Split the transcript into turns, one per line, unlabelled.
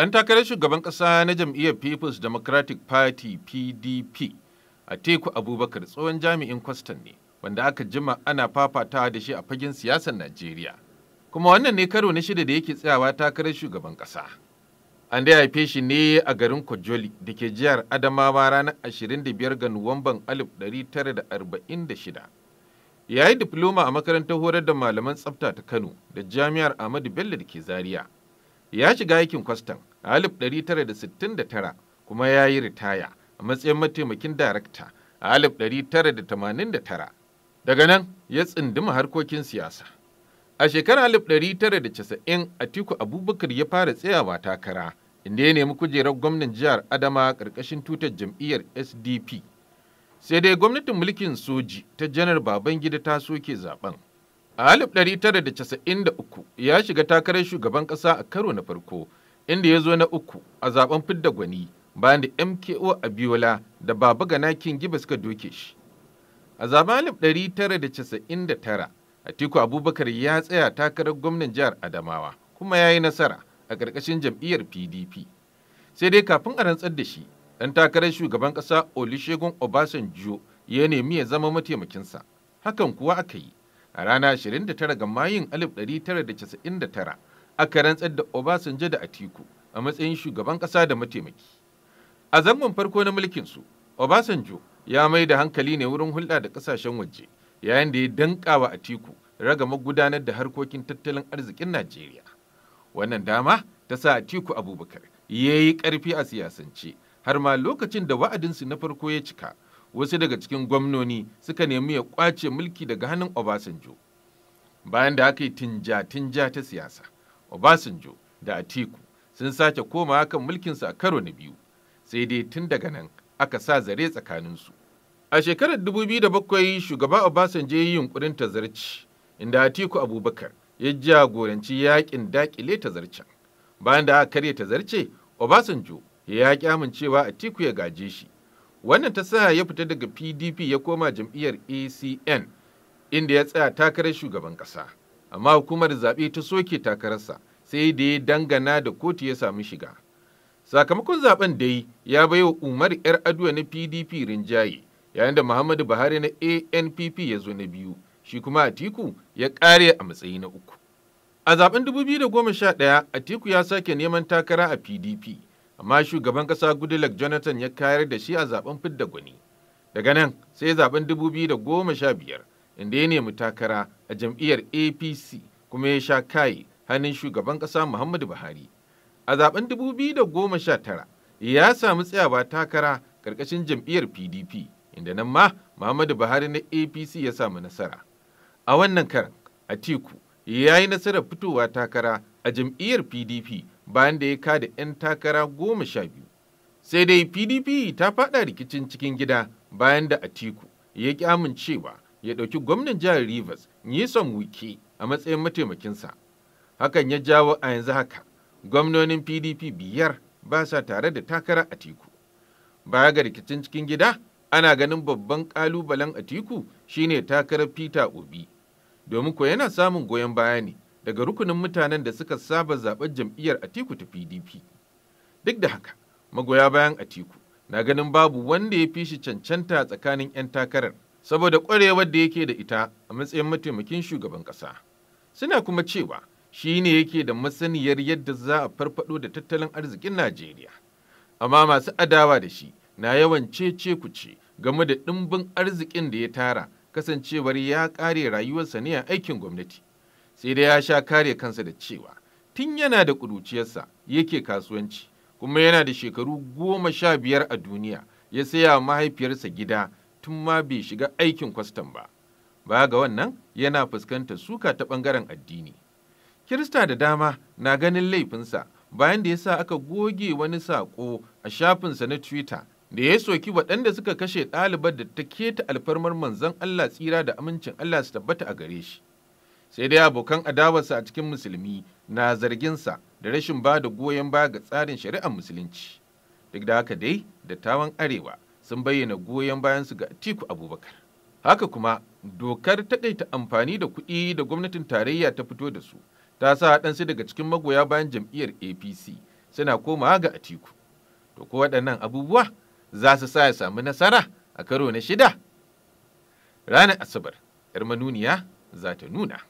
Ɗan takarar shugaban ƙasa na jam'iyyar People's Democratic Party PDP a teku Abubakar tsohon jami'in kwastan ne, wanda aka jima ana fafatawa da shi a fagen siyasar Najeriya. Kuma wannan ne karo na shida da yake tsayawa takarar shugaban ƙasa. An da haife shi ne a garin Kojoli da ke jihar Adamawa ranar 25 ga Nuwamban 1946. Ya yi difloma a makarantar horar da malaman tsafta ta Kano da Jami'ar Ahmadu Bello da ke Zaria. Ya shiga aikin kwastan a 1969 kuma ya yi ritaya a matsayin mataimakin darakta a 1989 daga nan ya tsinduma harkokin siyasa a shekarar 1990 atiku abubakar ya fara tsayawa takara inda ya nemi kujerar gwamnan jihar adama ƙarƙashin tutar jam'iyyar sdp sai dai gwamnatin mulkin soji ta janar babangida ta soke zaben a 1993 ya shiga takarar shugaban ƙasa a karo na farko inda ya zo na uku a zaben fidda gwani bayan da MKO Abiola da Baba Gana Kingiba suka doke shi. A zaben 1999, Atiku Abubakar ya tsaya takarar gwamnan jihar Adamawa kuma ya yi nasara a ƙarƙashin jam'iyyar PDP. Sai dai kafin a rantsar da shi, ɗan takarar shugaban ƙasa Olusegun Obasanjo ya nemi ya zama mataimakinsa. Hakan kuwa aka yi. A rana 29 ga Mayun 1999, aka rantsar da Obasanjo da Atiku a matsayin shugaban ƙasa da mataimaki. A zangon farko na mulkinsu, Obasanjo ya mai da hankali ne wurin hulɗa da ƙasashen waje yayin da ya danƙa wa Atiku ragama gudanar da harkokin tattalin arzikin Najeriya. Wannan dama ta sa Atiku Abubakar ya yi ƙarfi a siyasance har ma lokacin da wa'adinsu na farko ya cika wasu daga cikin gwamnoni suka nemi ya ƙwace mulki daga hannun Obasanjo. Bayan da aka yi tinja-tinja ta siyasa. Obasanjo da Atiku sun sake komawa kan mulkinsu a karo na biyu, sai dai tun daga nan aka sa zare tsakaninsu. A shekarar da bakwai shugaba Obasanjo ya yi yunkurin tazarci, inda Atiku Abubakar ya jagoranci yakin dakile tazarcen. Bayan da aka karya tazarce, Obasanjo ya yaƙi amincewa Atiku ya gaje shi. Wannan ta sa ya fita daga PDP ya koma jam'iyyar ACN, inda ya tsaya takarar shugaban ƙasa. amma hukumar zaɓe ta soke takararsa sai da ya dangana da kotu ya sami shiga. Sakamakon zaben dai ya bai wa Umar 'yar adu'a na PDP rinjaye yayin da Muhammadu Buhari na ANPP ya zo na biyu shi kuma Atiku ya ƙare a matsayi na uku. A zaben 2011 Atiku ya sake neman takara a PDP amma shugaban ƙasa Goodluck Jonathan ya kayar da shi a zaben fidda gwani. Daga nan sai zaben 2015 inda ya nemi takara a jam'iyyar apc kuma ya sha kai hannun shugaban ƙasa muhammadu buhari a zaben 2019 ya samu tsayawa takara ƙarƙashin jam'iyyar pdp inda nan ma muhammadu buhari na apc ya samu nasara a wannan karan tiku ya yi nasarar fitowa takara a jam'iyyar pdp bayan da ya kada 'yan takara goma sha biyu sai dai pdp ta faɗa rikicin cikin gida bayan da a tiku ya ƙi amincewa ya ɗauki gwamnan jihar Rivers Nyesom Wike a matsayin mataimakinsa. Hakan ya jawo a yanzu haka gwamnonin PDP biyar ba sa tare da takara a tiku. Baya ga rikicin cikin gida, ana ganin babban ƙalubalen a tiku shine takarar Peter Obi. Domin ko yana samun goyon baya ne daga rukunin mutanen da suka saba zaɓen jam'iyyar a tiku ta PDP. Duk da haka, magoya bayan a tiku na ganin babu wanda ya fi shi cancanta tsakanin 'yan takarar. saboda ƙwarewar da yake da ita a matsayin mataimakin shugaban ƙasa. Suna kuma cewa shi ne yake da masaniyar yadda za a farfado da tattalin arzikin Najeriya. Amma masu adawa da shi na yawan cece kuce game da ɗimbin arzikin da ya tara kasancewar ya kare rayuwarsa ne a aikin gwamnati. Sai dai ya sha kare kansa da cewa tun yana da ƙuruciyarsa yake kasuwanci kuma yana da shekaru goma sha biyar a duniya ya saya mahaifiyarsa gida tun ma bai shiga aikin kwastam ba. ba ga wannan yana fuskantar suka ta ɓangaren addini. Kirista da dama na ganin laifinsa bayan da ya sa aka goge wani saƙo a shafinsa na Twitter da ya soki waɗanda suka kashe ɗalibar da ta keta alfarmar manzon Allah tsira da amincin Allah su tabbata a gare shi. Sai dai abokan adawarsa a cikin musulmi na zarginsa da rashin ba da goyon ba ga tsarin shari'ar musulunci. Duk da haka dai da tawan arewa sun bayyana goyon bayansu ga Atiku Abubakar. Haka kuma dokar taɗaita amfani da kuɗi da gwamnatin tarayya ta fito da su ta sa haɗansu daga cikin magoya bayan jam'iyyar APC suna komawa ga Atiku. To ko waɗannan abubuwa za su sa ya samu nasara a karo na shida? Ranar Asabar, 'yar manuniya za ta nuna.